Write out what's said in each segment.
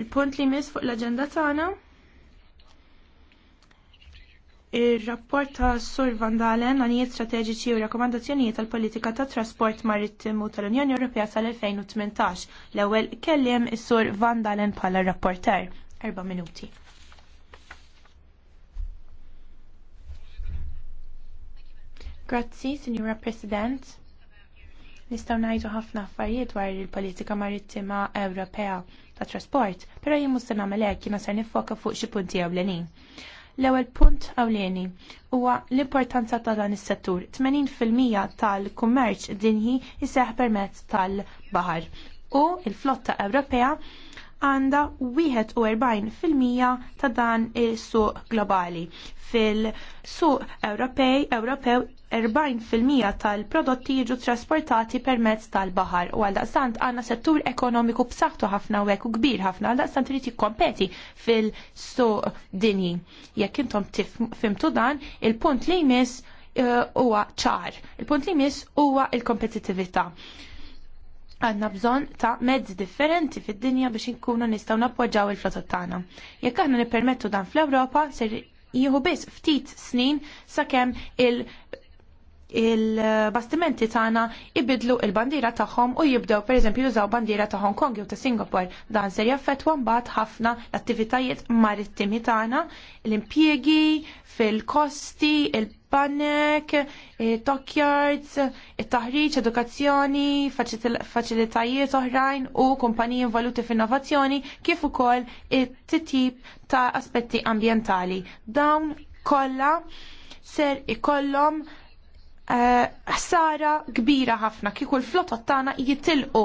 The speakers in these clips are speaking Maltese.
Il-punt li mis fuq l-agenda tagħna ir-rapport ta' Sur Van Dalen għanijiet strateġiċi u rakkomandazzjonijiet tal-politika ta' trasport marittimu tal-Unjoni Ewropea tal-2018. L-ewwel kelliem is-Sur Van Dalen bħala rapporter. Erba' minuti. Grazzi, Signora President. Nistgħu ngħidu ħafna affarijiet dwar il-politika marittima Ewropea ta' trasport, però jien mhux se nagħmel hekk jiena ser nifoka fuq xi punti ewlenin. L-ewwel punt ewleni huwa l-importanza ta' dan is-settur. 80% tal-kummerċ dinji jseħħ permezz tal-baħar u l flotta Ewropea għanda 41% ta' dan is-suq globali. Fil-suq Ewropej, Ewropew 40% tal-prodotti jiġu trasportati permezz tal-baħar u għaldaqstant għandna settur ekonomiku b'saħħtu ħafna u u kbir ħafna għaldaqstant irid jikkompeti fil-suq dinji. Jekk intom fimtu dan, il-punt li jmiss uh, huwa ċar. Il-punt li jmiss huwa il-kompetittività. Għanna bżon ta' mezzi differenti fid-dinja biex inkunu nistgħu nappoġġaw il-flotta tagħna. Jekk aħna nippermettu dan fl-Ewropa, ser jieħu biss ftit snin sakemm il- il-bastimenti tagħna ibidlu il-bandiera tagħhom u jibdew pereżempju jużaw bandiera ta' Hong Kong jew ta' Singapore. Dan ser jaffettwa mbagħad ħafna l-attivitajiet marittimi tagħna, l-impjiegi fil-kosti, il panek dockyards, it-taħriġ, edukazzjoni, faċilitajiet oħrajn u kumpaniji involuti f'innovazzjoni kif ukoll it tip ta' aspetti ambjentali. Dawn kollha ser ikollhom Eh, ħsara kbira ħafna kieku l-flotta tagħna jitilqu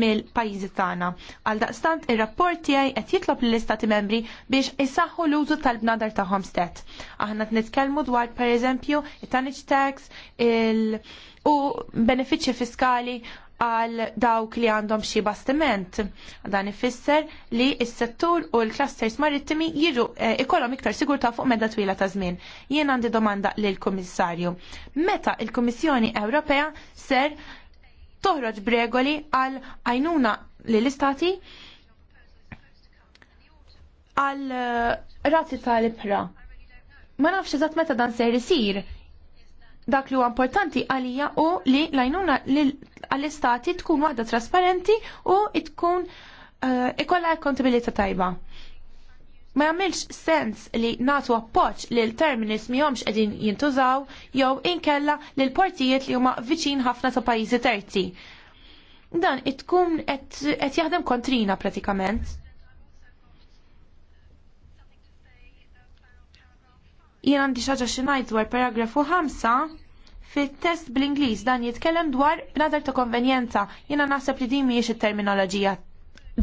mill-pajjiżi tagħna. Għal daqstant ir-rapport tiegħi qed jitlob lill-istati membri biex isaħħu l-użu tal-bnadar tagħhom stett. Aħna qed nitkellmu dwar pereżempju it tanage tax il- u benefiċċji fiskali għal dawk li għandhom xi bastiment. Dan ifisser li s-settur u l-clusters marittimi jiġu eh, ikollhom iktar sigurtà fuq medda twila ta' żmien. Jien għandi domanda lil kummissarju. Meta il-Kummissjoni Ewropea ser toħroġ bregoli għal għajnuna l istati għal eh, rati tal-ibra. Ma nafx eżatt meta dan ser isir dak li huwa importanti għalija u li lajnuna għall-istati tkun waħda trasparenti u tkun uh, ikolla kontabilita tajba. Ma jagħmilx sens li natu appoġġ li l-terminis mihomx qegħdin jintużaw jew inkella li l-portijiet li huma viċin ħafna ta' pajizi terzi. Dan it tkun qed jaħdem kontrina pratikament. Jien għandi xaġa xinajt dwar paragrafu 5 fit-test bl-Ingliż dan jitkellem dwar b'nadar ta' konvenjenza. Jiena naħseb li din mhijiex it-terminoloġija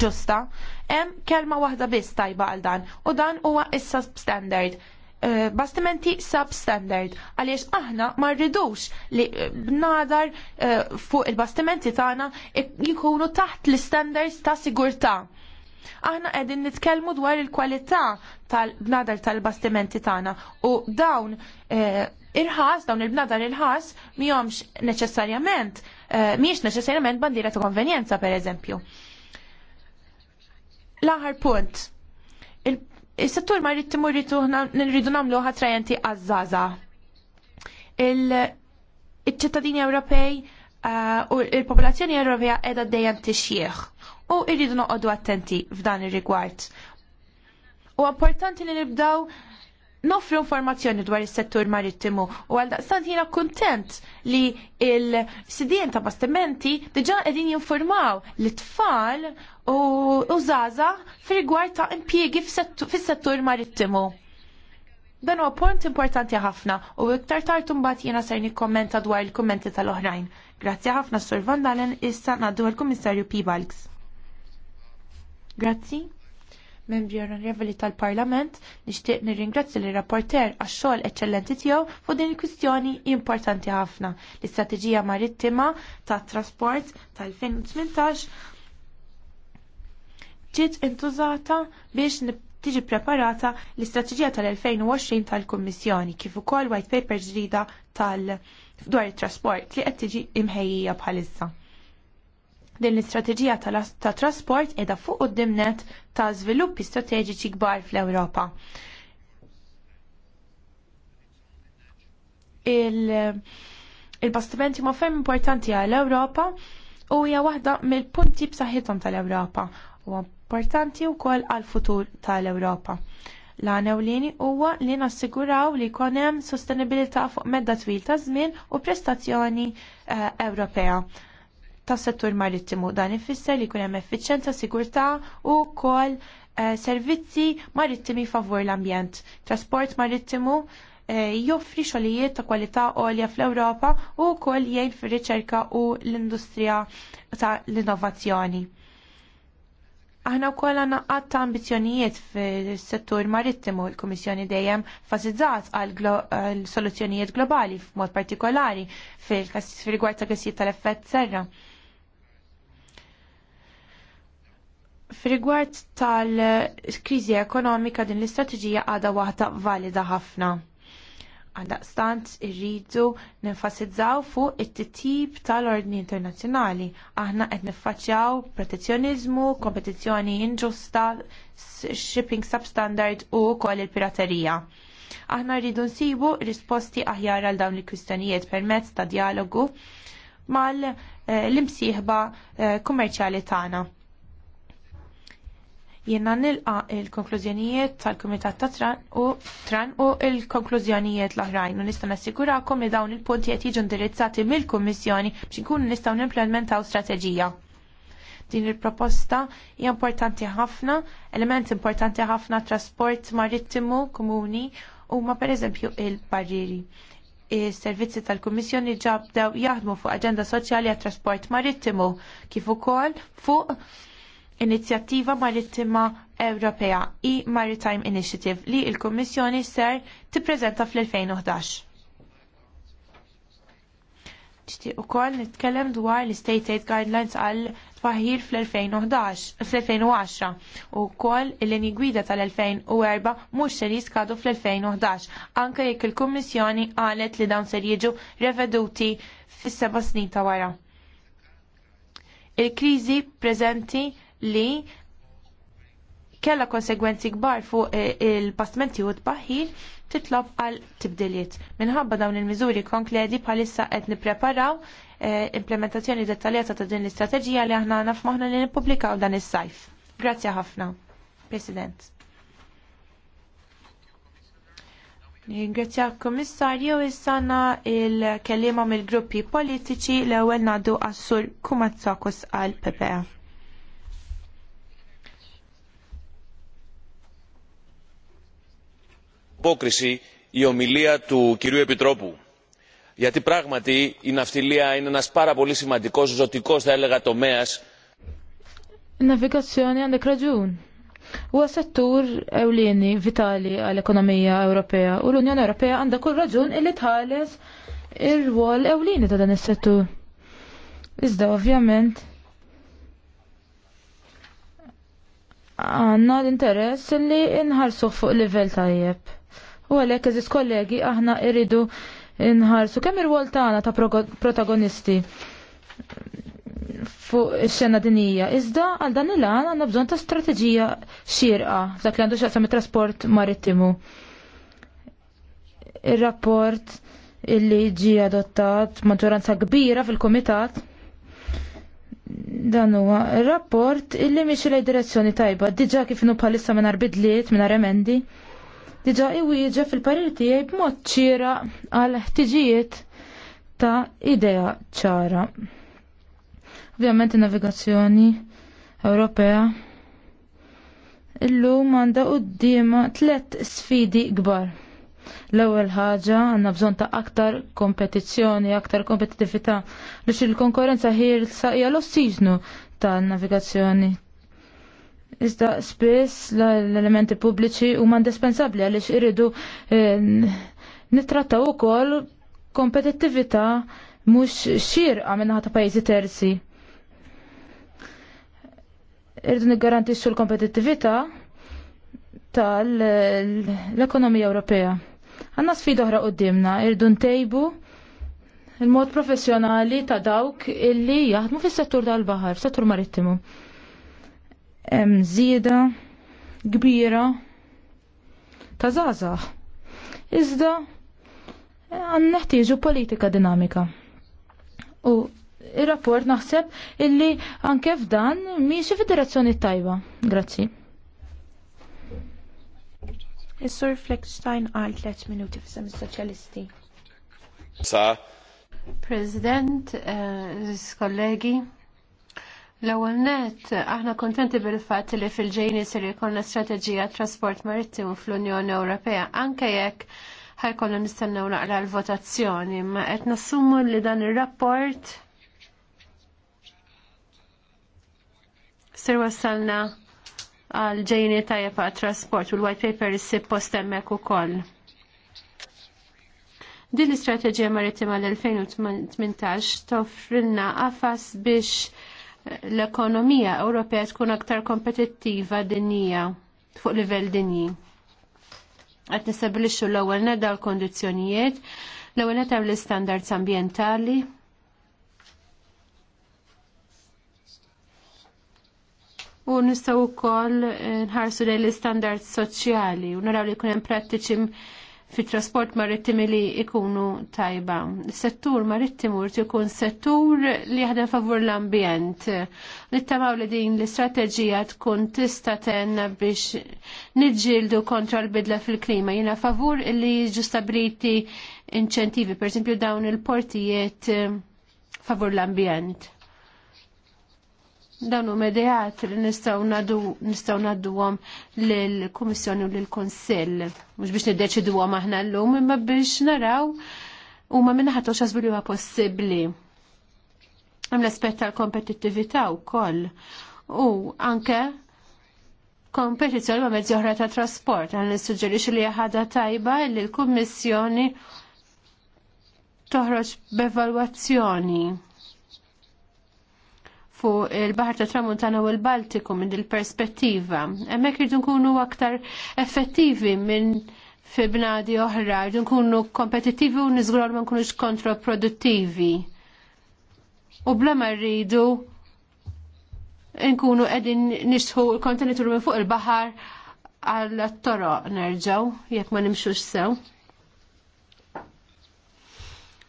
ġusta. Hemm kelma waħda biss tajba għal dan u dan huwa is-substandard. Uh, bastimenti substandard għaliex aħna ma rridux li b'nadar uh, fuq il-bastimenti tagħna jkunu taħt l-standards ta' sigurtà aħna qegħdin nitkellmu dwar il-kwalità tal-bnadar tal-bastimenti tagħna u dawn eh, irħas, dawn il-bnadar irħas miħomx neċessarjament, eh, miħx neċessarjament bandira ta' konvenjenza per eżempju. l punt, il-settur ma rrit timur nirridu namlu ħatrajenti għazzaza. Il-ċittadini Ewropej eh, u il-popolazzjoni Ewropea edha dejjem tixjieħ u irridu noqogħdu attenti f'dan ir-rigward. U importanti li nibdaw nofru informazzjoni dwar is-settur marittimu u għal daqstant jiena kuntent li il-sidien ta' bastimenti diġa qegħdin jinformaw li tfal u użaza fil ta' impjiegi fis-settur marittimu. Dan huwa punt importanti ħafna u iktar tard imbagħad jiena ser kommenta dwar il-kummenti tal-oħrajn. Grazzi ħafna Sur Van Dalen issa ngħaddu l-Kummissarju Pibalgs. Grazzi. Membri onorevoli tal-Parlament, nixtieq nirringrazzja li rapporter għax xogħol eċċellenti tiegħu fuq din il-kwistjoni importanti ħafna. L-istrateġija marittima tat trasport tal-2018 ġiet intużata biex tiġi preparata l-istrateġija tal-2020 tal-Kummissjoni kif ukoll white paper ġdida tal dwar it-trasport li qed tiġi imħejjija bħalissa. Din l-istrateġija ta' trasport edha fuq u dimnet ta' sviluppi strateġiċi kbar fl-Ewropa. Il-bastimenti il ma' ferm importanti għal Ewropa u hija waħda mill-punti b'saħħithom tal-Ewropa u importanti wkoll għall futur tal-Ewropa l-għana ewlieni huwa li nassiguraw li jkun hemm sostenibilità fuq medda twil ta' żmien u prestazzjoni eh, Ewropea tas settur marittimu dan ifisser li jkun hemm effiċjenza, sigurtà u wkoll eh, servizzi marittimi favur l-ambjent. Trasport marittimu eh, joffri xogħlijiet ta' kwalità għolja fl-Ewropa u wkoll jgħin fir-riċerka u l-industrija ta' l-innovazzjoni. Aħna wkoll għandna qatt ta' ambizzjonijiet fis-settur marittimu l-Kummissjoni dejjem fażizzat għal soluzzjonijiet globali f'mod partikolari fil-rigward ta' gassijiet tal-effett serra. F'rigward tal-kriżi ekonomika din l-istrateġija għadha waħda valida ħafna. Għaldaqstant irridu nenfasizzaw fuq it-tip tal-ordni internazzjonali. Aħna qed niffaċċjaw protezzjonizmu, kompetizzjoni inġusta, shipping substandard u wkoll il-piraterija. Aħna rridu nsibu risposti aħjar għal dawn il-kwistjonijiet permezz ta' dialogu mal eh, imsieħba eh, kummerċjali tagħna jenna nilqa il-konklużjonijiet tal-Kumitat ta' Tran u Tran u il-konklużjonijiet l-oħrajn u nista' nassigurakom li dawn il-punti qed jiġu indirizzati mill-Kummissjoni biex inkunu nistgħu nimplementaw strateġija din il-proposta hija importanti ħafna, element importanti ħafna trasport marittimu komuni huma pereżempju il-barriri. Is-servizzi tal-Kummissjoni ġabdew jaħdmu fuq aġenda soċjali għat trasport marittimu kif ukoll fuq Inizjattiva Marittima Ewropea i Maritime Initiative li il-Kommissjoni ser tippreżenta fl-2011. Ġti u koll nitkellem dwar l-State Aid Guidelines għal tfaħir fl-2010 u koll il-lini gwida tal-2004 mux ser jiskadu fl-2011 anka jekk il-Kommissjoni għalet li dawn ser jiġu reveduti fis-seba snin ta' wara. Il-krizi prezenti li kella konsegwenzi kbar fuq eh, il-pastmenti u t-baħir titlob għal tibdiliet. Minħabba dawn il-miżuri konkledi bħalissa qed nippreparaw eh, implementazzjoni dettaljata ta' din l-istrateġija li aħna nafmaħna li nippubblikaw dan is-sajf. Grazzi ħafna, President. Ringrazzja Kommissarju issana il-kelima mill-gruppi politiċi l-ewwel ngħaddu għas-sur għal PPA. απόκριση η ομιλία του κυρίου Επιτρόπου. Γιατί πράγματι η ναυτιλία είναι ένας πάρα πολύ σημαντικός, ζωτικός θα έλεγα τομέας. Navigazzjoni għandek raġun. Huwa settur ewlieni vitali għall-ekonomija Ewropea u l-Unjoni Ewropea għandha kull raġun illi tħales ir-rwol ewlieni ta' dan is-settur. Iżda ovvjament għanna l-interess li inħarsu fuq livell tajjeb. U għalhekk eżis kollegi aħna irridu nħarsu kemm ir-wol tagħna ta' protagonisti fuq ix-xena dinija. Iżda għal dan il-għan għandna bżonn ta' strateġija xirqa dak li għandu xaqsam it-trasport marittimu. Ir-rapport illi ġi adottat maġġoranza kbira fil-komitat dan huwa rapport illi mhix lej direzzjoni tajba, Diġà kif inhu bħalissa minn bidliet minn emendi diġa iwieġa fil-parir tiegħi b'mod ċira għal ħtiġijiet ta' idea ċara. Ovvjament navigazzjoni Ewropea illum għandha qudiema tliet sfidi kbar. L-ewwel ħaġa għandna bżonn ta' aktar kompetizzjoni, aktar kompetitività biex il-konkurrenza ħielsa hija l-ossiġnu tan navigazzjoni Iżda spiss l-elementi pubbliċi huma indispensabbli għaliex iridu eh, nittrattaw ukoll kompetittività mhux xirqa minnaħa ta' pajjiżi terzi. Irridu niggarantixxu l-kompetittività tal-ekonomija Ewropea. Għanna sfida oħra qoddimna, irridu ntejbu il-mod professjonali ta' dawk illi jaħdmu fis-settur tal-baħar, settur marittimu hemm żieda kbira ta' żgħażagħ. Iżda għandna neħtieġu politika dinamika. U ir-rapport naħseb illi anke f'dan miexi fid-direzzjoni tajba. Grazzi. Is-Sur Fleckstein għal 3 minuti f'isem is-Soċjalisti. Sa. President, uh, eh, kollegi, L-ewwel net, aħna kontenti bil-fatt li fil-ġejni ser jkollna strateġija trasport marittimu fl-Unjoni Ewropea anke jekk ħajkollna nistennew naqra l-votazzjoni, ma qed nassumu li dan ir-rapport sir wassalna għal ġejni tajjeb għat trasport u l-white paper issib post hemmhekk ukoll. Din l-istrateġija marittima l-2018 toffrilna qafas biex l-ekonomija Ewropea tkun aktar kompetittiva hija fuq livell dinji. Qed nistabilixxu l-ewwel neda l-kondizzjonijiet, l-ewwel neda l-istandards ambjentali. U nistgħu wkoll nħarsu lejn l-istandards soċjali u naraw li jkun hemm prattiċi fit trasport marittimi li ikunu tajba. Settur marittimu rti ikun settur li jaħdem favur l-ambjent. Nittamaw li din l-istrateġija tkun tista tenna biex nidġildu kontra l-bidla fil-klima. Jina favur li ġustabiliti inċentivi, per dawn il-portijiet favur l-ambjent dawn huma ideat li nistgħu nadu nistgħu nadduhom lill-Kummissjoni u lill-Kunsill mhux biex niddeċiduhom aħna llum imma biex naraw huma minn ħadd xasbu li huwa possibbli. Hemm l-aspett tal-kompetittività wkoll u anke kompetizzjoni ma' mezzi oħra ta' trasport. Għan nissuġġerix li ħada tajba li l-Kummissjoni toħroġ b'evalwazzjoni fuq il-Bahar ta' Tramuntana u l-Baltiku minn il-perspettiva. Hemmhekk irdu nkunu aktar effettivi minn fi bnadi oħra, irdu nkunu kompetittivi u niżgur ma nkunux kontraproduttivi. U bla ma rridu nkunu qegħdin nixħu l-kontenitur minn fuq il-baħar għal toroq nerġaw, jekk ma nimxux sew.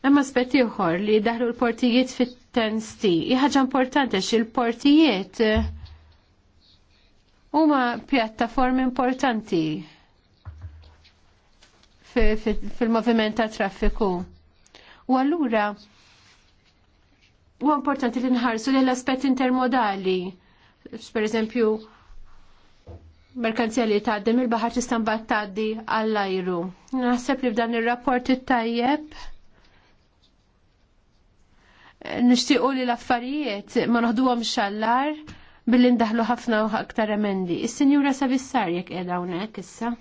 Hemm aspetti ieħor li daħlu l-portijiet fit tens ti. ħaġa importanti xil-portijiet eh, huma pjattaformi importanti fil-moviment ta' traffiku. U allura huwa importanti li nħarsu li l-aspett intermodali. Per eżempju, merkanzija li tgħaddi mill-baħar tistan battaddi għall-ajru. Naħseb li f'dan ir-rapport it-tajjeb nixtiequ li l-affarijiet ma noħduhom xallar billi ndaħlu ħafna u aktar emendi. Is-Sinjura Savissar jekk qiegħda hawnhekk issa.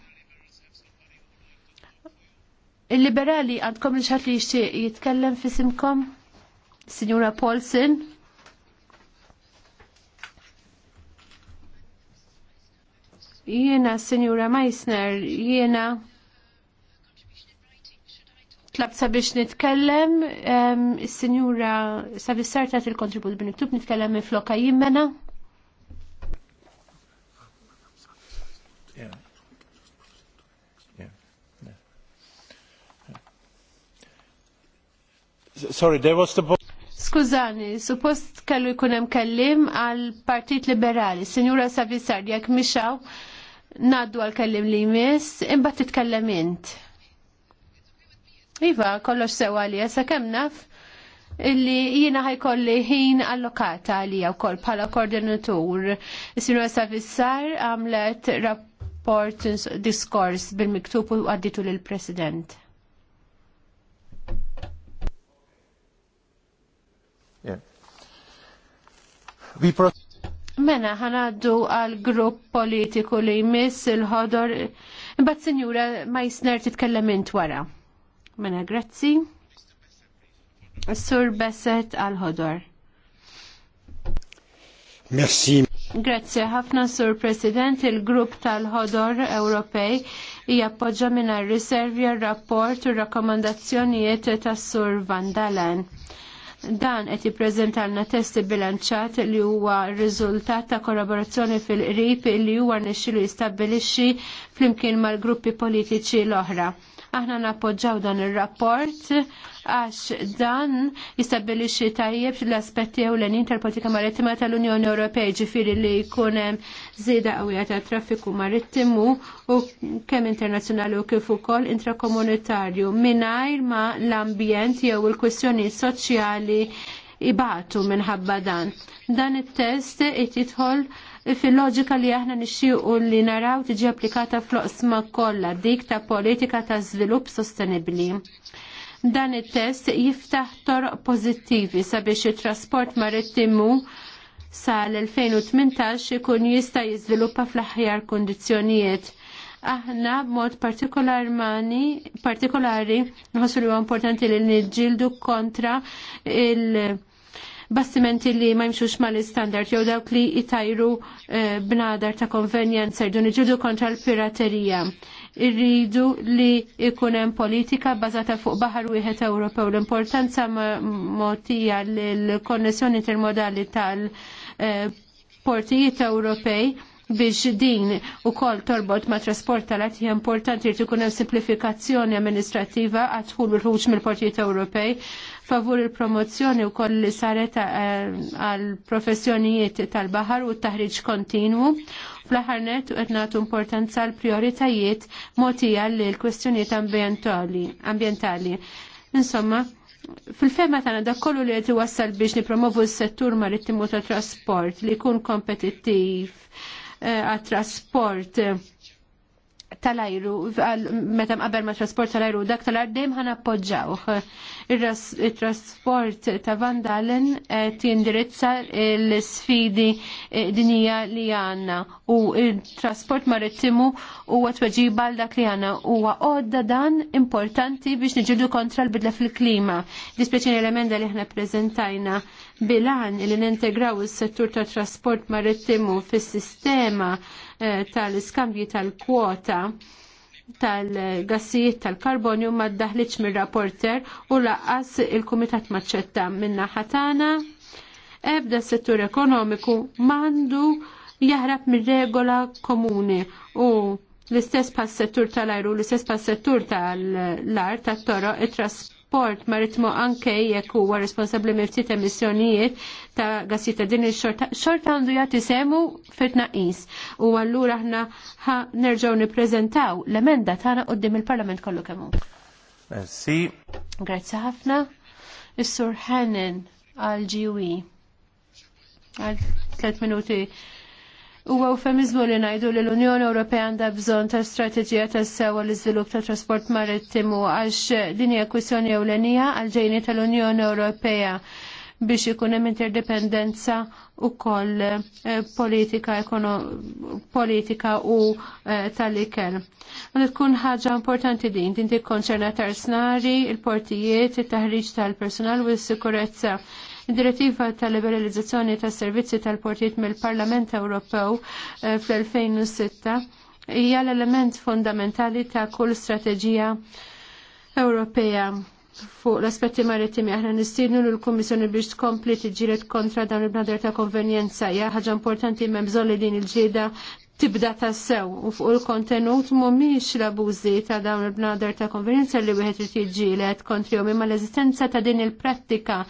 Il-liberali għandkom li xatt li jixtieq jitkellem fisimkom? Sinjura Paulsen? Jiena, Sinjura Meissner, jiena tlab sabiex nitkellem, il-Sinjura Savissar tat il-kontribut bin iktub nitkellem minn floka jimmena. Sorry, there was the Skużani, suppost kellu jkun hemm kellim għal Partit Liberali. s-senjura Savissar, jekk mixaw, naddu għal kellim li jmiss, imbagħad titkellem int. Iva, kollox sewa li jessa kemnaf illi jiena ħajkolli ħin allokata li jaw kol bħala koordinatur. Sinu jessa fissar għamlet rapport diskors bil-miktub u għadditu lill-President. Mena We pro Mena ħanaddu għal grupp politiku li jmiss il-ħodor, bat sinjura ma jisner titkellem int wara. Mena grazzi. Sur Besset għal-ħodor. Merci. Grazzi ħafna Sur President, il-grupp tal-ħodor Ewropej jappoġġa minn riservi rapport u rakkomandazzjonijiet tas Sur Van Dalen. Dan qed jippreżentalna testi bilanċat li huwa riżultat ta' kollaborazzjoni fil-qrib li huwa nixxilu jistabbilixxi flimkien mal-gruppi politiċi l-oħra Aħna nappoġġaw dan ir-rapport għax dan jistabilixxi tajjeb l-aspetti u l-enin tal-politika marittima tal-Unjoni Ewropea ġifiri li jkunem zida qawwija ta' traffiku marittimu u kemm internazzjonali u kif ukoll intrakomunitarju mingħajr ma l-ambjent jew il-kwistjoni soċjali ibatu minħabba dan. Dan it-test it jidħol it fil-loġika li aħna nixxiequ li naraw tiġi applikata fl-oqsma kollha dik ta' politika ta' żvilupp sostenibbli. Dan it-test jiftaħ torq pożittivi sabiex it-trasport marittimu sal-2018 ikun jista' jiżviluppa fl-aħjar kundizzjonijiet aħna b'mod partikolari nħossu li huwa importanti li niġġieldu kontra il- bastimenti li ma jimxux ma l-standard jew dawk li jitajru eh, bnadar ta' konvenjenza jridu niġudu kontra l-piraterija. Irridu li ikunem politika bazata fuq baħar wieħed Ewropew. L-importanza motija l-konnessjoni intermodali tal-portijiet eh, Ewropej biex din u kol torbot ma trasport tal-għat hija importanti li tkun hemm simplifikazzjoni amministrativa għadħul l u mill-Portijiet Ewropej favur il-promozzjoni u koll li saret eh, għal professjonijiet tal-bahar u t-taħriġ kontinwu. Fl-aħar net u etnatu importanza l prioritajiet motija li l kwestjoniet ambientali. Insomma, Fil-fema tagħna da kollu li qed iwassal biex promovu s-settur marittimu ta' trasport li jkun kompetittiv eh, għat trasport eh, tal-ajru, meta qabel ma' trasport tal-ajru, dak tal-ajru dejjem poġġawħ. Il-trasport ta' Van Dalen qed eh, l-sfidi eh, dinija li għandna u il-trasport marittimu huwa tweġiba għal dak li għandna huwa għodda dan importanti biex niġidu kontra l-bidla fil-klima. Dispjaċini l-emenda li ħna preżentajna bilan li nintegraw is-settur tat trasport marittimu fis-sistema eh, tal-iskambji tal-kwota. tal tal iskambji tal kwota tal-gassijiet tal-karbonju ma ddaħliċ mir-rapporter u laqqas il-Kumitat Maċċetta minna ħatana. Ebda s settur ekonomiku mandu jaħrab mir-regola komuni u l-istess pas settur tal-ajru, l-istess pas settur tal-lar, tal-toro, it-trasport ma maritmu anke jekk huwa responsabbli minn emissjonijiet ta' gassita din il-xorta, xorta għandu jagħti semu fitna tnaqqis U għallura aħna nerġaw niprezentaw l-emenda tagħna għoddim il-Parlament kollu kemmu. Merci. Grazie ħafna. Is-Sur Hannon għal ġiwi e. Għal 3 minuti U eufemizmu li najdu li l-Unjoni Ewropea għandha bżonn ta' strateġija ta' sewa l iżvilupp ta' trasport marittimu għax din hija ewlenija għal ġejni tal-Unjoni Ewropea biex ikun hemm interdependenza wkoll eh, politika politika u eh, tal-ikel. Għandu tkun ħaġa importanti din, din tikkonċerna tar snari, il-portijiet, it-taħriġ tal-personal u s-sikurezza. il portijiet il portijiet it taħriġ tal personal u s sikurezza Id-direttiva tal-liberalizzazzjoni tas servizzi tal-portijiet mill-Parlament Ewropew eh, fl-2006 hija l-element fundamentali ta' kull strateġija Ewropea fuq l-aspetti marittimi aħna nistidnu l kummissjoni biex tkompli tiġġieled kontra dawn il-bnader ta' konvenjenza. hija ħaġa importanti hemm bżonn li din il-ġieda tibda tassew u fuq il-kontenut mhumiex l-abużi ta' dawn il-bnader ta' konvenjenza li wieħed irid jiġġieled kontrihom imma l-eżistenza ta' din il-prattika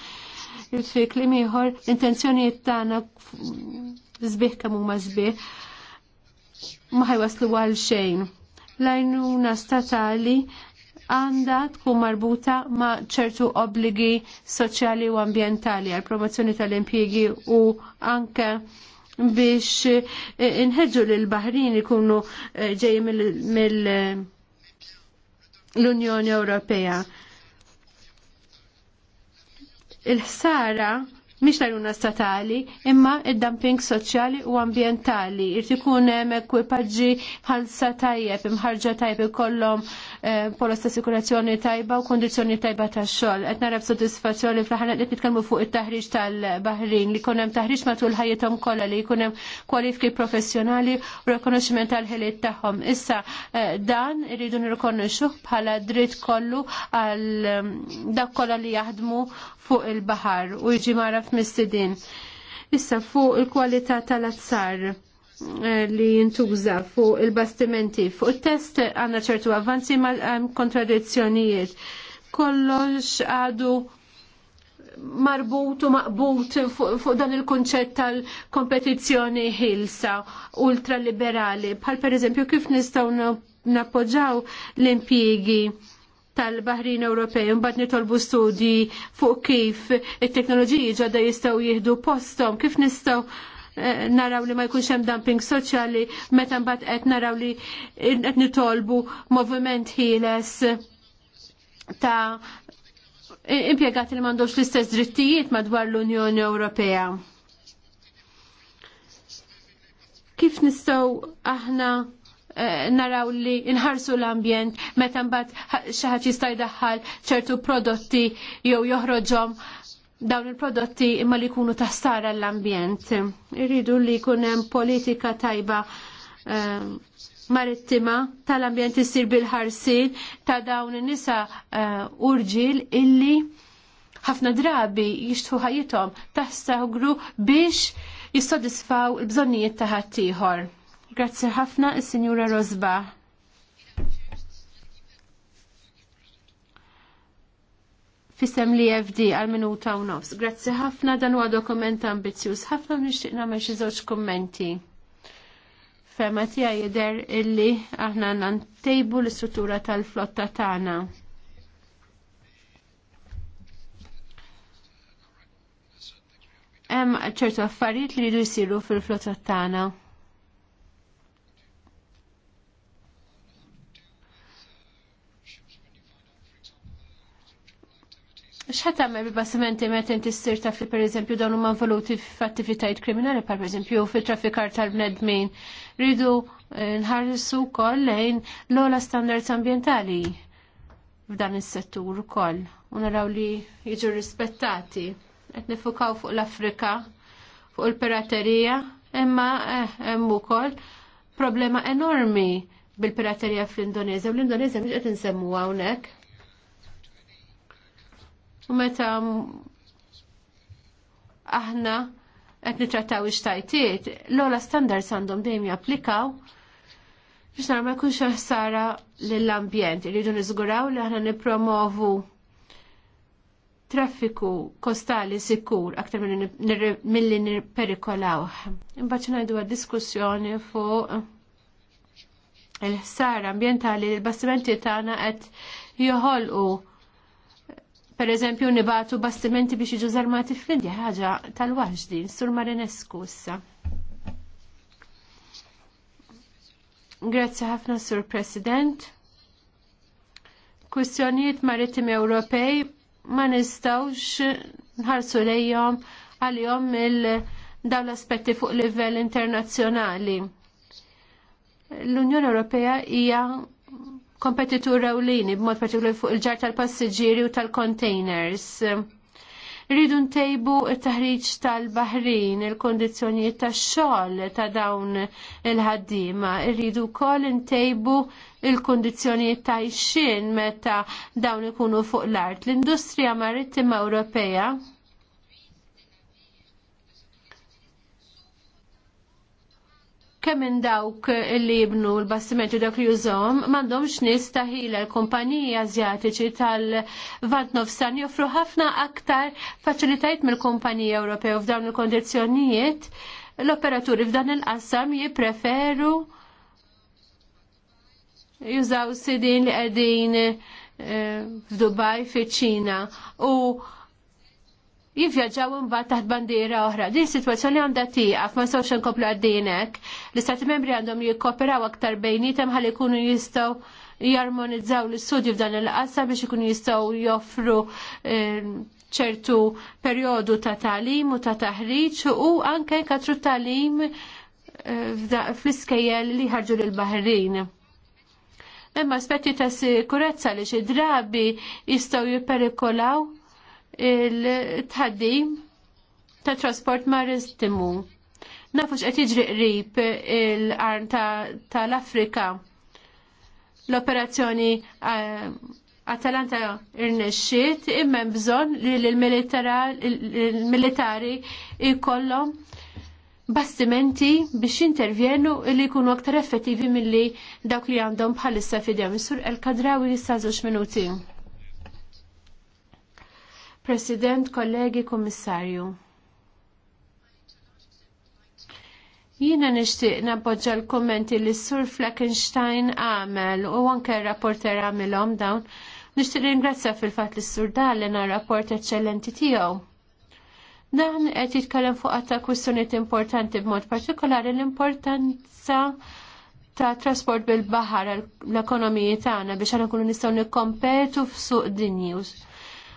fi klim ieħor l-intenzjonijiet tagħna zbiħ kemm huma żbieħ ma waslu għal xejn. L-għajnuna statali għanda tkun marbuta ma' ċertu obbligi soċjali u ambientali għal promozzjoni tal-impjegi u anke biex eh, inħedġu l-Bahrin ikunu eh, ġej mill-Unjoni eh, Ewropea il-ħsara mhix l-aruna statali imma id-dumping soċjali u ambjentali. Irid ikun hemm ekwipaġġi bħalsa tajjeb, imħarġa tajjeb ikollhom eh, polos ta' sikurazzjoni tajba u kundizzjoni tajba tax-xogħol. Qed nara b'sodisfazzjoni fl aħna qed nitkellmu fuq it-taħriġ tal-Baħrin li jkun hemm taħriġ matul ħajjithom kollha li jkun hemm kwalifiki professjonali u rikonoxximent tal-ħiliet tagħhom. Issa eh, dan irridu nirrikonnexxuh bħala dritt kollu għal mm, dak kollha li jaħdmu fuq il-bahar u jiġi maraf mistidin. Issa fuq il-kwalità tal-azzar eh, li jintuża fuq il-bastimenti. Fuq il-test għanna ċertu avanzi ma' eh, kontradizzjonijiet. Kollox għadu marbut u maqbut fuq dan il-konċett tal-kompetizzjoni ħilsa ultraliberali. Bħal per eżempju kif nistgħu nappoġġaw l-impjiegi tal-Bahrin Ewropej, mbagħad nitolbu studji fuq kif it-teknoloġiji ġodda jistgħu jieħdu posthom, kif nistgħu eh, naraw li ma jkunx hemm dumping soċjali meta mbagħad qed naraw li qed nitolbu moviment ħieles ta' impjegati li m'għandhomx l-istess drittijiet madwar l-Unjoni Ewropea. Kif nistgħu aħna Eh, naraw li inħarsu l-ambjent meta mbagħad xi ħadd jista' jdaħħal ċertu prodotti jew joħroġhom dawn il-prodotti imma li jkunu taħsara l-ambjent. Irridu li jkun hemm politika tajba eh, marittima tal-ambjent issir bil-ħarsin ta' dawn in-nisa uh, urġil illi ħafna drabi jixtħu ħajjithom taħsagru biex jissodisfaw il-bżonnijiet ta' ħaddieħor Grazzi ħafna is-Sinjura Rosba. Fisem li FD għal minuta u nofs. Grazzi ħafna dan huwa dokument ambizzjuż ħafna nixtieq nagħmel xi żewġ kummenti. Fema tiegħi jidher illi aħna ntejbu l-istruttura tal-flotta tagħna. Hemm ċertu affarijiet li jridu jsiru fil-flotta tagħna. xħat għamel basimenti met inti s-sirta fi per eżempju dawn huma f f'attivitajiet kriminali per eżempju fil trafikar tal-bnedmin. Ridu eh, nħarsu wkoll lejn l-ola standards ambientali f'dan is-settur ukoll u naraw li jiġu rispettati. Qed nifukaw fuq l-Afrika, fuq il-piraterija, imma eh, hemm ukoll problema enormi bil-piraterija fl-Indonezja u l-Indonezja mhux qed insemmu hawnhekk U meta aħna qed nitrattaw ix-tajtiet, l-ola standards għandhom dejjem japplikaw biex nara ma jkunx ħsara lill-ambjent. Irridu niżguraw li aħna nippromovu traffiku kostali sikur aktar mill-li nirperikolaw. Imbagħad ngħidu diskussjoni fuq il-ħsara ambjentali li l-bastimenti tagħna qed joħolqu Per eżempju, nibatu bastimenti biex iġu zarmati fl-Indja, ħaġa tal-waġdi, sur Marinescu issa. Grazzi ħafna, sur President. Kwistjonijiet maritimi Ewropej ma nistawx nħarsu lejjom għal-jom il-daw l-aspetti fuq livell internazzjonali. L-Unjoni Ewropea hija kompetitur ewlieni b'mod partikolari fuq il-ġar tal-passiġġieri u tal-containers. Rridu ntejbu t-taħriġ tal-Baħrin, il-kondizjonijiet tax-xogħol ta' dawn il-ħaddiema, rridu wkoll ntejbu il-kondizjonijiet ta' xin meta dawn ikunu fuq l-art. L-industrija marittima Ewropea kemm minn dawk li jibnu l-bastimenti dak li jużom m'għandhomx nies taħila l-kumpaniji Azjatiċi tal-Vant Nofsan joffru ħafna aktar faċilitajt mill-kumpaniji Ewropew f'dawn il-kondizzjonijiet l-operaturi f'dan il-qassam jippreferu jużaw sidin li qegħdin eh, f'Dubaj fiċ-Ċina u jivvjaġġaw imbagħad taħt bandiera oħra. Din sitwazzjoni għandha tieqaf ma sewx inkomplu għaddinek. L-istati membri għandhom jikkoperaw aktar bejnietem ħalli jkunu jistgħu jarmonizzaw l-istudju f'dan il-qasam biex ikunu jistgħu joffru ehm, ċertu perjodu ta' talim u ta' taħriġ u anke katru talim eh, fl-iskejjel li ħarġu lill-Baħrin imma aspetti ta' sikurezza li xi drabi jistgħu jipperikolaw il-tħaddim ta' trasport marittimu. Nafux għet jiġri qrib il-qarn tal-Afrika. L-operazzjoni eh, Atalanta irnexxiet imma bżonn li l-militari jkollhom bastimenti biex intervjenu li jkunu aktar effettivi milli dawk li għandhom bħalissa fidejhom. Sur El-Kadrawi jista' minuti. President, kollegi, kommissarju. Jina nishtiq nabboġġa l-kommenti li s-sur Fleckenstein għamel u anke rapporter għamilhom dawn. Nishtiq ringrazzja fil-fatt li s-sur Dallin għal rapport eċċellenti tiegħu. Dan qed jitkellem fuq ta' kwistjonijiet importanti b'mod partikolari l-importanza ta' trasport bil-baħar l-ekonomiji tagħna biex għana kunu nistgħu nikkompetu f'suq news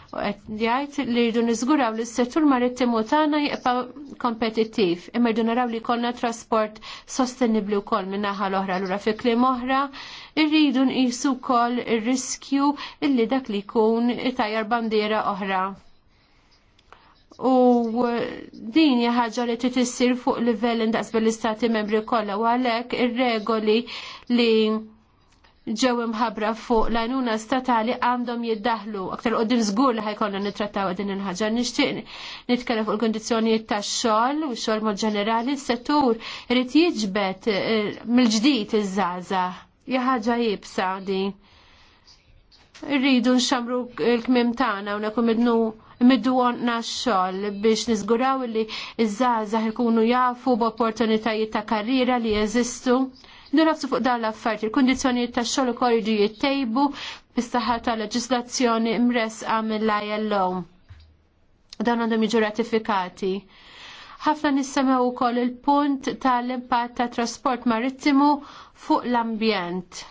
u qed jgħid li rridu niżguraw li s-settur marittimu tagħna jibqa' kompetittiv imma rridu naraw li jkollna trasport sostenibbli wkoll minn naħa l-oħra lura fi kliem oħra irridu nqisu wkoll ir-riskju illi dak li jkun tajjar bandiera oħra. U din hija ħaġa li trid issir fuq livell indaqs bil-istati membri kollha u għalhekk ir-regoli li ġew imħabbra fuq l-għajnuna statali għandhom jiddaħlu. Aktar qoddim żgur li ħajkonna nittrattaw din il-ħaġa. Nixtieq nitkellem fuq il-kondizzjonijiet tax-xogħol u xol xogħol mod ġenerali, s-settur irid jiġbed eh, mill-ġdid iż żaza Ja ħaġa jibsa di. Rridu nxamru l-kmim tagħna u nekum idnu middu għonna xol biex nizguraw li iż żaza ikunu jafu b'opportunitajiet ta' karriera li jeżistu Nirrafsu fuq dan l-affarijiet, il-kundizzjonijiet tax-xogħol ukoll korridu jittejbu bis-saħħa leġislazzjoni mresqa mill-ILO. Dan għandhom jiġu ratifikati. Ħafna nissemew ukoll il-punt tal-impatt ta' trasport marittimu fuq l-ambjent.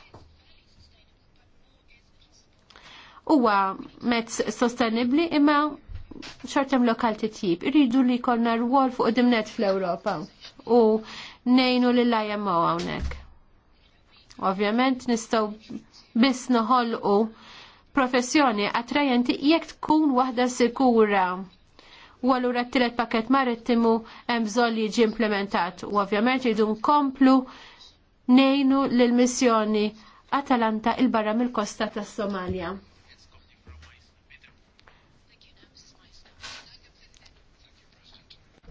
Huwa mezz sostenibbli imma xortem lokal tjib. irridu li kolna rwol fuq dimnet fl-Europa u nejnu l-lajja ma għawnek. Ovvjament nistgħu biss noħolqu professjoni attrajenti jekk tkun waħda sikura. U allura t-tielet pakket marittimu hemm bżonn li jiġi implementat u ovvjament jridu nkomplu nejnu l-missjoni Atalanta il-barra mill-kosta tas somalia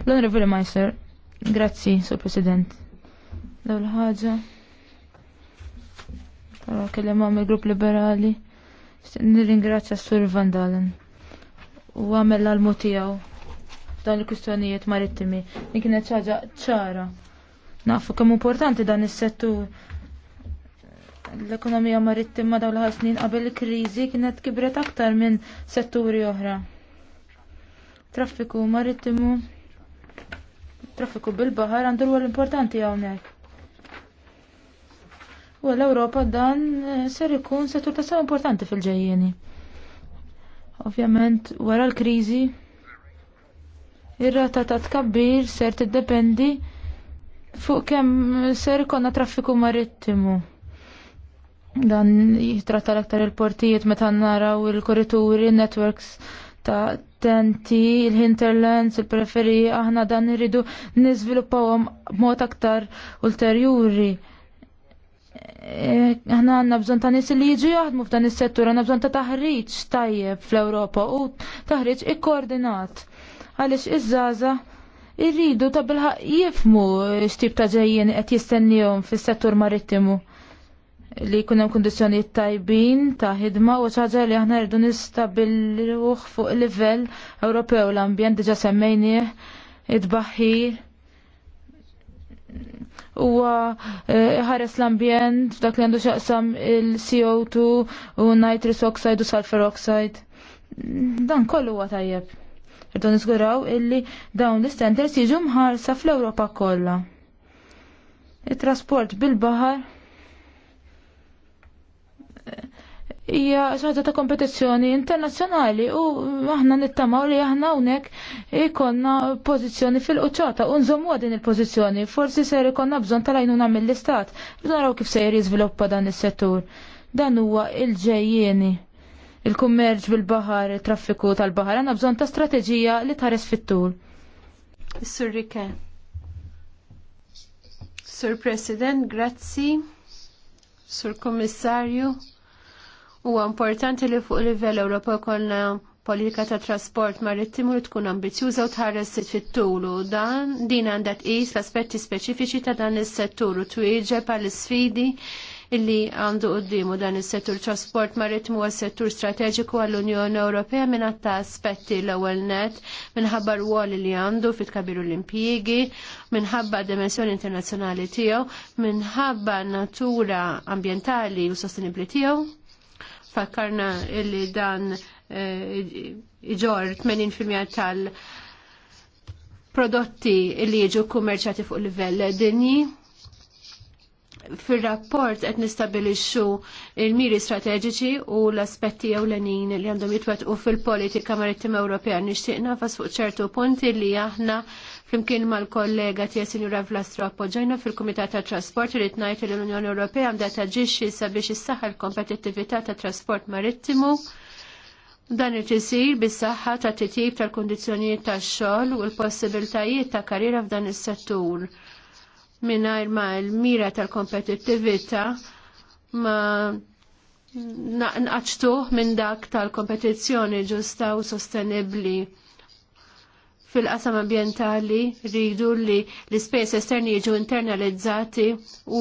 L-Onorevole Meister, grazzi, Sur President. L-ħagġa kellem għamil grupp liberali. Nirringrazzja s-sur Van Dalen. U għamel l-almu tijaw f'dan il-kustjonijiet marittimi. Li kienet ċaġa ċara. Nafu kemm importanti dan is-settur l-ekonomija marittima dawn l ħasnin qabel il-kriżi kienet kibret aktar minn setturi oħra. Traffiku marittimu, traffiku bil-baħar għandu l-importanti hawnhekk u l-Ewropa dan eh, ser ikun settur ta' sew importanti fil-ġejjeni. Ovvjament, wara l-kriżi, ir-rata ta' tkabbir ser tiddependi fuq kemm ser ikonna traffiku marittimu. Dan jitratta l-aktar il-portijiet meta naraw il-korrituri, networks ta' tenti, il-hinterlands, il-preferi, aħna dan irridu niżviluppawhom b'mod aktar ulterjuri Eh, aħna għanna bżon ta' nis li jiġu jaħdmu f'dan is-settur, għanna bżon ta' taħriġ tajjeb fl-Ewropa u taħriġ ikkoordinat. Għaliex iż-żaża irridu ta' bilħaq jifmu tip ta' ġejjien qed jistennihom fis-settur marittimu li jkun hemm kundizzjonijiet tajbin ta' ħidma u ċaġa li aħna rridu nistabilluh fuq livell Ewropew l-ambjent diġa' semmejnieh id-baħħir huwa eh, ħares l-ambjent f'dak li għandu xaqsam il-CO2 u nitrous oxide u sulfur oxide. Dan kollu huwa tajjeb. Irdu niżguraw illi dawn l istenders jiġu mħarsa fl-Ewropa kollha. it trasport bil-baħar hija ħaġa ta' kompetizzjoni internazzjonali u aħna nittamaw li aħna hawnhekk ikonna pożizzjoni fil-quċċata u nżommu din il-pożizzjoni. Forsi ser ikonna bżonn tal-għajnuna mill-istat biex naraw kif se jiżviluppa dan is-settur. Dan huwa il-ġejjieni il-kummerġ bil-baħar, traffiku tal-baħar, għanna bżonn ta' strateġija li tħares fit-tul. Sur Rike. Sur President, grazzi. Sur Kommissarju. Huwa importanti li fuq livell Ewropa konna politika ta' trasport marittimu li tkun ambizjuża u tħares fit tulu dan din għandha tqis l-aspetti speċifiċi ta' dan is-settur u twieġeb għall isfidi illi għandu qoddimu dan is-settur trasport marittimu huwa settur strateġiku għall-Unjoni Ewropea minn ta' aspetti l-ewwel net minħabba rwol li għandu fit kabiru l-impjiegi, minħabba dimensjoni internazzjonali tiegħu, minħabba natura ambjentali u sostenibbli tiegħu fakkarna li dan eh, iġor 80% tal- prodotti li jiġu kummerċati fuq livell dinji. Fil-rapport qed nistabilixxu il-miri strateġiċi u l-aspetti ewlenin li għandhom jitwettqu fil-politika marittima Ewropea nixtieq nafas fuq ċertu punti li aħna Flimkien mal-kollega tiegħi Sinjura Vlastro appoġġajna fil-Kumitat ta' Trasport irid ngħid li l-Unjoni Ewropea għandha taġixxi sabiex is-saħħa l-kompetittività ta' trasport marittimu Dan it isir bis-saħħa ta' titjib tal-kundizzjonijiet tax-xogħol u l-possibiltajiet ta' karriera f'dan is-settur mingħajr ma l-mira tal-kompetittività ma naqaċtuħ minn dak tal-kompetizzjoni ġusta u sostenibli fil-qasam ambjentali rridu li l-ispejs esterni jiġu internalizzati u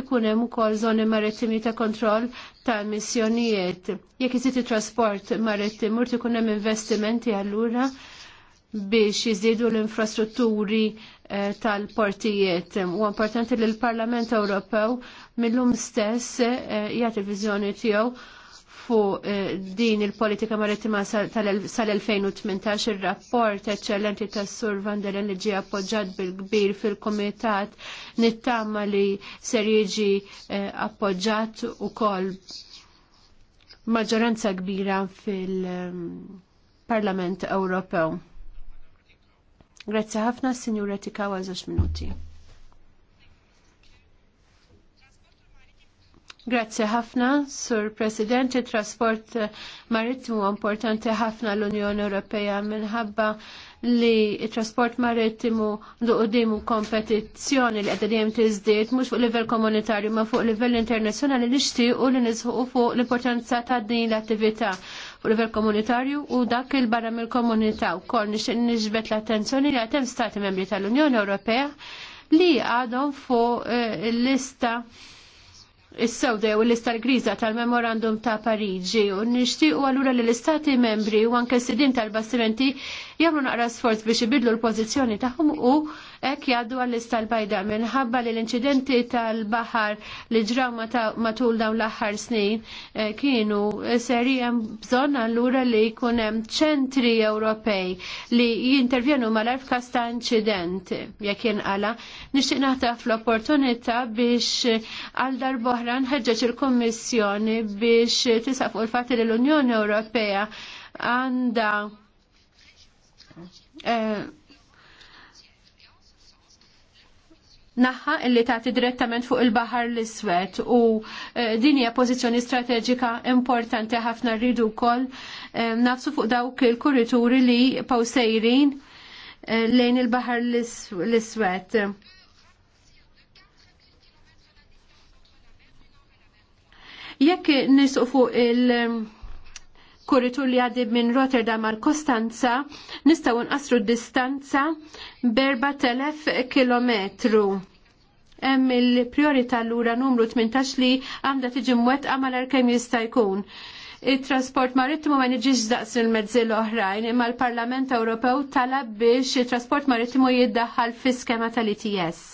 jkun hemm ukoll żoni marittimi ta' kontroll ta' missjonijiet. Jekk iżid trasport marittim mur ikun hemm investimenti allura biex jiżidu l-infrastrutturi eh, tal portijiet U importanti li l-Parlament Ewropew mill-lum stess eh, jagħti viżjoni tiegħu fuq eh, din il-politika marittima sal-2018 il-rapport eccellenti tas sur Van der li ġie appoġġat bil-kbir fil-komitat nittama li ser jiġi eh, appoġġat ukoll maġġoranza kbira fil-Parlament eh, Ewropew. Grazzi ħafna, Signora Tikawa, żewġ minuti. Grazzi ħafna, Sur President, it trasport marittimu importanti ħafna l-Unjoni Ewropea minħabba li t trasport marittimu duqdimu kompetizzjoni li għedha dejjem tiżdied mhux fuq livell komunitarju ma fuq livell internazzjonali nixtiequ li nisħu fuq l-importanza ta' din l-attività fuq livell komunitarju u dak il-barra mill-komunità wkoll nixtieq niġbed l-attenzjoni li għatem stati membri tal-Unjoni Ewropea li għadhom fuq l-lista eh, is-sewdew l-istar griża tal-memorandum ta' Pariġi u nixtiequ allura li l-istati membri u anke s-sidin tal-bastimenti jagħmlu naqra sforz biex ibidlu l-pożizzjoni tagħhom u Ek jaddu għall-lista l-bajda minħabba li l-inċidenti tal-bahar li ġraw matul dawn l-aħħar snin eh, kienu eh, serijem l allura li kunem ċentri Ewropej li jintervjenu mal-arf kasta inċident jek għala, Nixtieq naħtaf l-opportunità biex eh, għal boħra nħeġġeġ il-Kommissjoni biex tisaq fuq il-fat li l-Unjoni Ewropea għanda naħħa illi tagħti direttament fuq il-Baħar l-Iswed u eh, din hija pożizzjoni strateġika importanti ħafna rridu wkoll eh, nafsu fuq dawk il-kurrituri li pawsejrin eh, lejn il-Baħar l-Iswed. Jekk nisqu fuq il- kuritur li għaddi minn Rotterdam għal Kostanza nistaw nqasru distanza b-4000 km. Hemm il-priorità lura numru 18 li għandha tiġi mwettqa mal kemm jista' jkun il-trasport marittimu ma jiġix daqs il medzi l-oħrajn, imma l-Parlament Ewropew talab biex il-trasport marittimu jiddaħħal fis skema tal-ITS.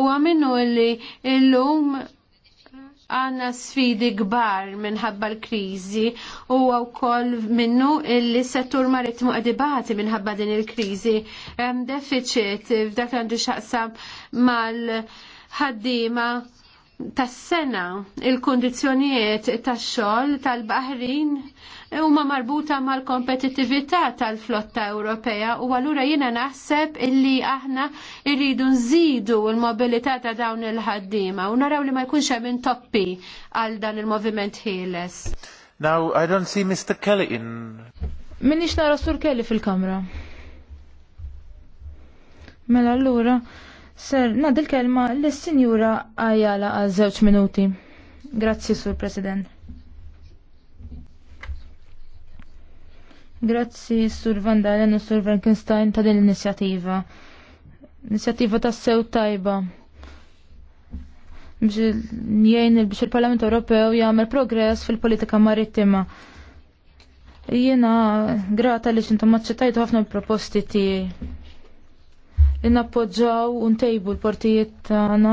U għamennu li l-lum għanna sfidi gbar minħabba l-krizi u għaw kol minnu illi settur maritmu għadibati minħabba din il-krizi. Deficit f'dak għandu xaqsam mal-ħaddima tas-sena il kundizzjonijiet tax-xogħol tal-Baħrin huma marbuta mal-kompetittività tal-flotta Ewropea u allura jiena naħseb illi aħna rridu nżidu l-mobilità ta' dawn il-ħaddiema u naraw li ma jkunx hemm intoppi għal dan il-moviment ħieles. Now, I don't see Mr. Kelly in... Minix nara Sur Kelly fil-kamra. Mela allura, Ser, nadil kelma l-Sinjura Ajala għal żewġ minuti. Grazzi, Sur President. Grazzi, Sur Vandalen u Sur Frankenstein ta' din l inizjativa Inizjattiva ta' sew tajba biex jgħin biex il-Parlament Ewropew jagħmel progress fil-politika marittima. Jiena grata li xintom maċċetajtu ħafna proposti tiegħi innappoġġaw un ntejbu l-partijiet tagħna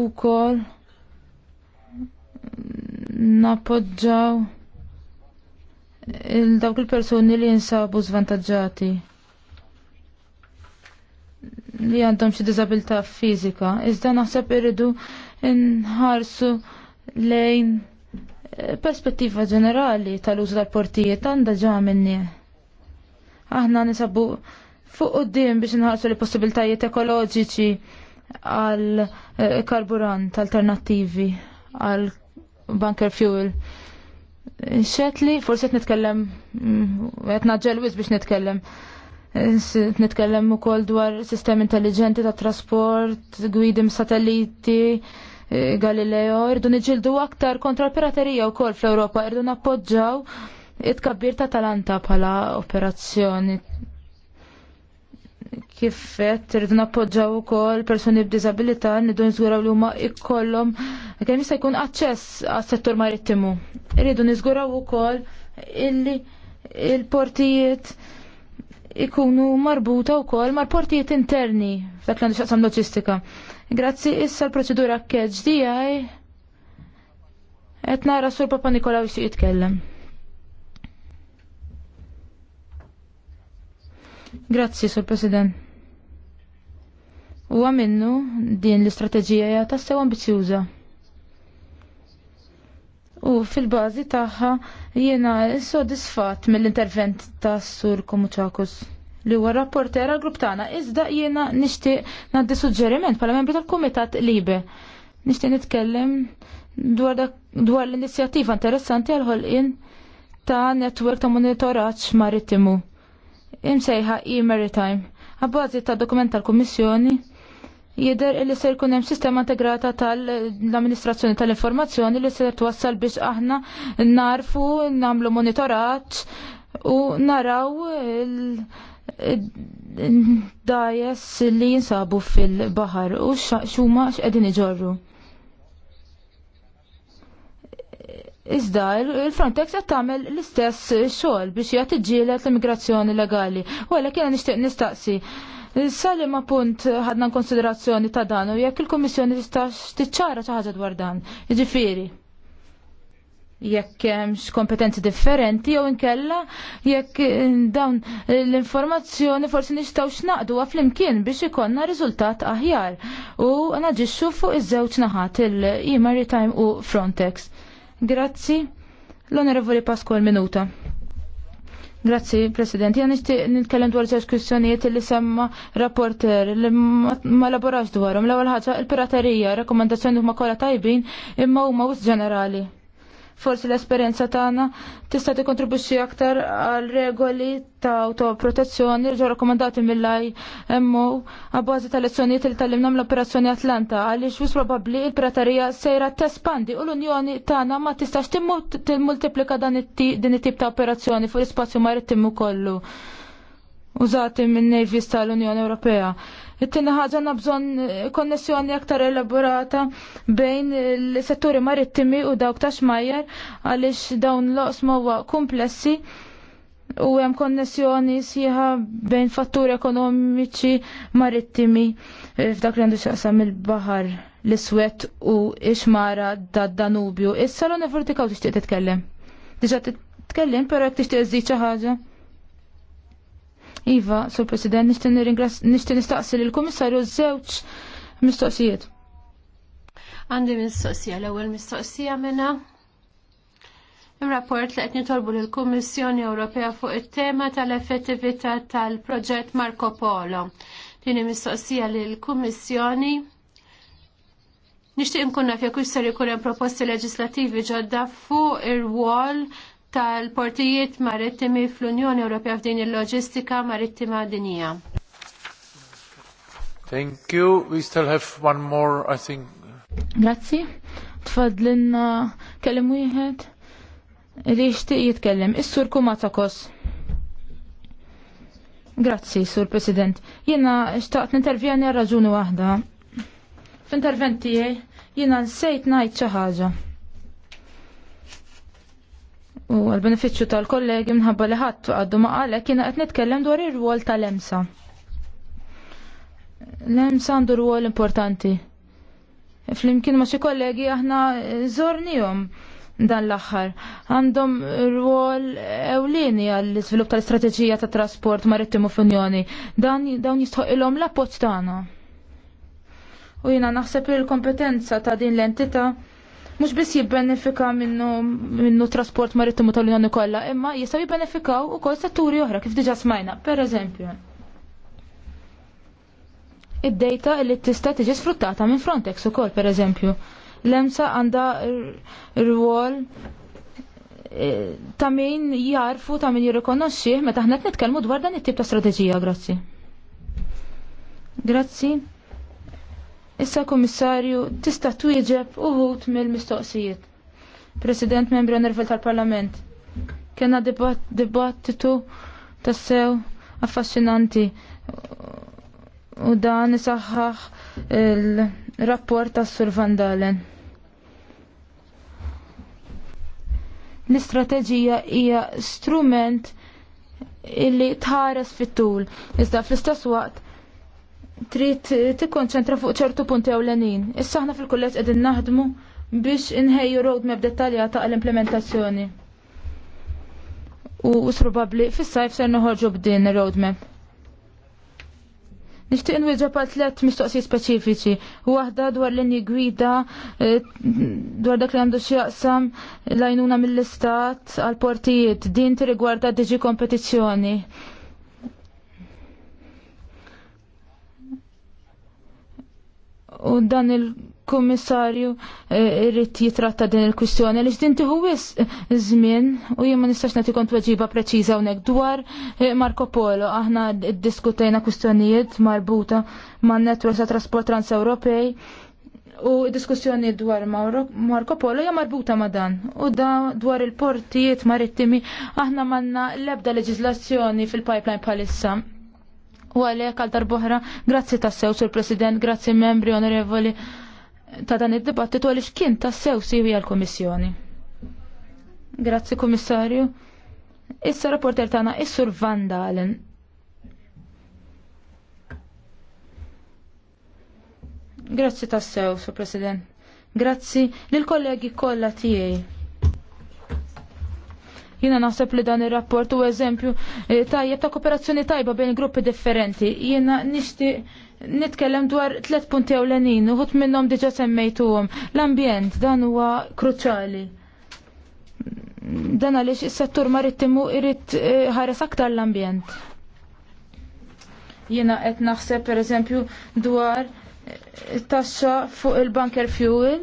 ukoll nappoġġaw il dawk il-persuni li jinsabu zvantaġġati li għandhom xi diżabilità fiżika. Iżda naħseb irridu nħarsu lejn eh, perspettiva ġenerali tal-użu tal-portijiet għandha ġa nie aħna nisabu fuq d-dim biex nħarsu li possibiltajiet ekoloġiċi għal eh, karburant alternattivi għal bunker fuel. Xetli, forse qed nitkellem, mm, qed naġġelwis biex nitkellem. Nitkellem ukoll dwar sistemi intelligenti ta' trasport, gwidim satelliti, eh, Galileo, irdu niġildu aktar kontra l-piraterija wkoll fl-Ewropa, irdu nappoġġaw it-kabbir ta' Talanta bħala operazzjoni kifet rridu nappoġġaw ukoll persuni b'diżabilità nridu niżguraw li huma jkollhom kemm jista' jkun aċċess għas-settur marittimu. Rridu niżguraw ukoll illi il-portijiet ikunu marbuta wkoll mal-portijiet interni f'dak li xaqsam loġistika. Grazzi issa l-proċedura KHDI qed nara sur Papa Nikolaw xi jitkellem. Grazzi, Sur President. U għamennu din l-istrateġija hija tassew ambizjuża. U fil-bażi tagħha jiena sodisfatt mill-intervent ta' Sur Komuċakus li huwa rapporter għal grupp tagħna iżda jiena nixtieq ngħaddi suġġeriment bħala membri tal-Kumitat Libe. Nixtieq nitkellem dwar, dwar l-inizjattiva interessanti għal ħolqien ta' netwerk ta' monitoraġġ marittimu imsejħa e-maritime. Għabbażi ta' dokument tal-Kummissjoni jider li se jkun hemm sistema integrata tal-amministrazzjoni tal-informazzjoni li se twassal biex aħna narfu, nagħmlu monitorat u naraw dajes li jinsabu fil-baħar u xuma x'qegħdin iġorru. Iżda, il-Frontex qed tagħmel l-istess xogħol biex jagħti ġielet l-immigrazzjoni legali. U għalhekk jiena nixtieq nistaqsi. Salim appunt punt ħadna konsiderazzjoni ta' dan u jekk il-Kummissjoni tistax tiċċara xi ħaġa dwar dan. Jiġifieri. Jekk hemmx kompetenzi differenti jew inkella jekk dawn l-informazzjoni forsi nistgħux naqduha flimkien biex ikonna riżultat aħjar u naġixxu fuq iż-żewġ naħat il-Maritime u Frontex. Grazzi. L-Onorevoli Pasqual Minuta. Grazzi, President. Jan nishtiq nitkellem dwar żewġ kwistjonijiet li semma rapporter li ma laborax dwarhom. L-ewwel ħaġa il-piraterija, rakkomandazzjoni huma kollha tajbin imma huma wisq ġenerali. Forsi l-esperjenza tagħna tista' tikkontribwixxi aktar għal regoli ta' autoprotezzjoni li ġew rakkomandati mill-IMO għabbażi tal-lezzjonijiet li tallimna mill-Operazzjoni Atlanta għaliex wis probabbli l-piraterija sejra tespandi u l-Unjoni tagħna ma tistax timmultiplika din it-tip ta' operazzjoni fuq l-ispazju marittim kollu użati minn nevis tal-Unjoni Ewropea. It-tina ħaġa nabżon eh, konnessjoni aktar elaborata bejn il-setturi marittimi u dawk ta' xmajjer għaliex dawn loqs oqsma huwa komplessi u hemm konnessjoni sieħa bejn fatturi ekonomiċi marittimi eh, f'dak li għandu xaqsam il-baħar l-iswet u xmara dad Danubju. Issa l-Unifortikaw tixtieq titkellem. Diġa titkellem, pero jekk tixtieq żdid xi ħaġa. Iva, sur President, nishtin nistaqsi l-Komissarju żewġ mistoqsijiet. Għandi mistoqsija, l-ewwel mistoqsija minna. Il-rapport li qed nitolbu lill-Kummissjoni Ewropea fuq it-tema tal-effettività tal-proġett Marco Polo. Din mistoqsija lill-Kummissjoni Nixtieq Nishtiq naf jekk jisser ikun hemm proposti leġislattivi ġodda fuq ir-wol tal-portijiet marittimi fl-Unjoni Ewropea f'din il-loġistika marittima dinija. Thank you. We still have one more, I think. Grazzi. Tfadlin kellem wieħed li jixtieq jitkellem. Is-sur Kumatakos. Grazzi, Sur President. Jiena xtaqt nintervjeni għal raġuni waħda. F'interventi tiegħi jiena nsejt ngħid xi ħaġa. U għal-beneficju tal-kollegi minħabba li ħadd għaddu ma qalek jiena qed nitkellem dwar ir-rwol tal-EMSA. L-EMSA għandu rwol importanti. Flimkien ma xi kollegi aħna żornihom dan l-aħħar. Għandhom rwol ewlieni għall iżvilupp tal-istrateġija ta' trasport marittimu f'Unjoni. Dan dawn jistħoqilhom l-appoġġ tagħna. U jiena naħseb li l-kompetenza ta' din l-entità' mhux biss jibbenefika minnu minnu trasport marittimu tal-Unjoni kollha, imma jistaw jibbenefikaw ukoll setturi oħra kif diġà smajna, pereżempju. Id-data li tista' tiġi sfruttata minn Frontex ukoll pereżempju. L-emsa għandha rwol e, ta' min jarfu ta' min jirrikonoxxih meta ħna qed nitkellmu dwar dan it-tip ta' strateġija, grazzi. Grazzi. Issa komissarju tista' twieġeb uħut mill-mistoqsijiet. President membri onorevoli tal-Parlament. Kenna dibattitu tassew affaxxinanti u dan isaħħaħ il-rapport tas Sur Van Dalen. L-istrateġija hija strument illi tħares fit-tul, iżda fl-istess waqt trid tikkonċentra fuq ċertu punti ewlenin. Issa aħna fil-kulleġġ qegħdin naħdmu biex inħejju roadmap dettaljata għall-implementazzjoni. U probabbli fis-sajf ser noħorġu b'din roadmap. Nishtiq nwieġa pa tlet mistoqsijiet speċifiċi. Waħda dwar l-inni gwida, eh, dwar dak li għandu x'jaqsam lajnuna mill-istat għal-portijiet, din tirigwarda diġi kompetizzjoni. u dan il-kummissarju eh, irrit jitratta din il-kwistjoni li x'din tieħu wis eh, żmien u jien ma nistax nagħti kont weġiba preċiża hawnhekk dwar eh, Marco Polo aħna ddiskutejna kwistjonijiet marbuta man netwerk ta' trasport transewropej u diskussjoni dwar Marco Polo hija marbuta ma' dan u da dwar il-portijiet marittimi aħna manna l-ebda leġislazzjoni fil-pipeline bħalissa. U għalek għal darbohra, grazzi tassew sur President, grazzi membri onorevoli ta' dan id-dibattitu għalix kien tassew siwi għal-Komissjoni. Grazzi Komissarju. Issa rapporter tana Issur Van Dalen. Grazzi tassew, sur President. Grazzi lil kollegi kollha tiegħi. Jiena naħseb li dan ir-rapport u eżempju eh, tajjeb ta' kooperazzjoni tajba bejn gruppi differenti. Jiena nixtieq nitkellem dwar tliet punti ewlenin, uħut minnhom diġà semmejtuhom. L-ambjent dan huwa kruċali. Dan għaliex is-settur marittimu irid eh, ħares aktar l-ambjent. Jiena qed naħseb pereżempju dwar eh, tassa fuq il-bunker fuel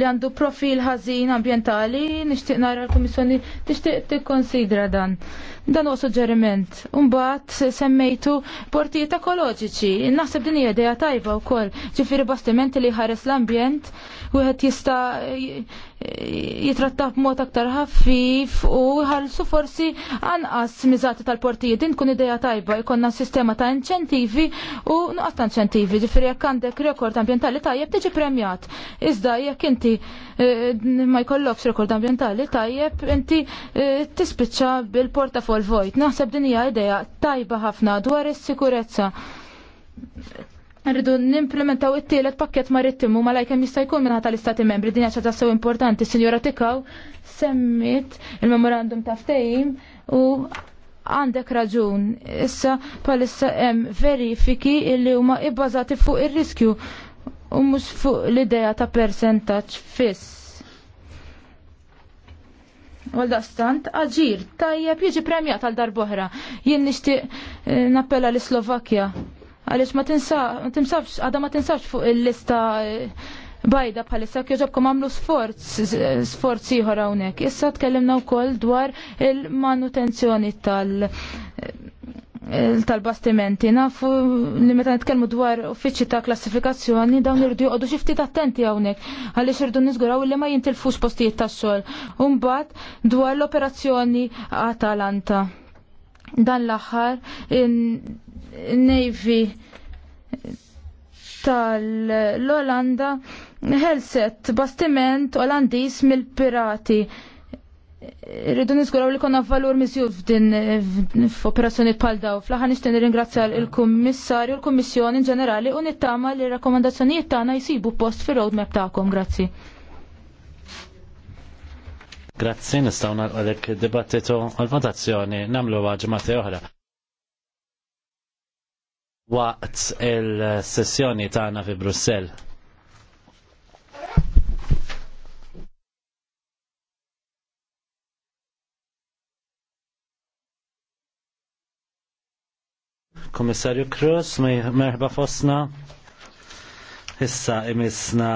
li għandu profil ħażin ambjentali, nixtieq nara l komissjoni tixtieq tikkonsidra dan. Dan huwa suġġeriment. Umbat semmejtu portijiet ekoloġiċi. Naħseb din hija idea tajba wkoll. Ġifieri bastimenti li ħares l-ambjent wieħed jista' jitratta b'mod aktar ħaffif u ħalsu forsi anqas miżati tal-portijiet. Din tkun idea tajba jkollna sistema ta' inċentivi u nuqqas ta' inċentivi. Ġifieri jekk għandek rekord ambjentali tajjeb tiġi premjat. Iżda jekk inti Eh, eh, ma jkollok rekord ambientali tajjeb, inti eh, tispiċċa bil-portafol vojt. Naħseb din hija idea tajba ħafna dwar is-sikurezza. Rridu nimplementaw it-tielet pakket marittimu ma lajkem jista' jkun minn tal-Istati Membri din hija tassew importanti. Sinjora Tikaw semmit il-memorandum ta' ftehim u għandek raġun. Issa palissa hemm verifiki illi huma ibbażati fuq ir-riskju. il riskju u mhux fuq l-idea ta' percentaġġ fiss. Għal daqstant, aġir, tajjeb jiġi premjat għal darboħra. Jien nixtieq eh, nappella l slovakkja Għaliex ma tinsafx għada ma tinsafx fuq il-lista eh, bajda bħalissa ġobkom għamlu sforz, sforz ieħor hawnhekk. Issa tkellimna wkoll dwar il-manutenzjoni tal- tal-bastimenti. Nafu li meta nitkellmu dwar uffiċċji ta' klassifikazzjoni dawn irdu joqogħdu xi ftit attenti hawnhekk għaliex irdu niżguraw li ma jintilfux postijiet tax-xogħol. U mbagħad dwar l-operazzjoni Atalanta. Dan l-aħħar in-Navy tal-Olanda ħelset bastiment Olandiż mill-pirati Irridu niżguraw li konna valur misju f'din f'operazzjoni bħal daw. Flaħan aħħar nixtieq nirringrazzja l-Kummissarju, l-Kummissjoni in ġenerali u nittama li r-rakkomandazzjonijiet tagħna jsibu post fir-roadmap tagħkom. Grazzi. Grazzi, nistaw naqgħodek dibattitu għal-votazzjoni namlu għagġemati oħra. Waqt il-sessjoni tagħna fi Brussell. Komissarju Cruz, merħba fosna. Issa imisna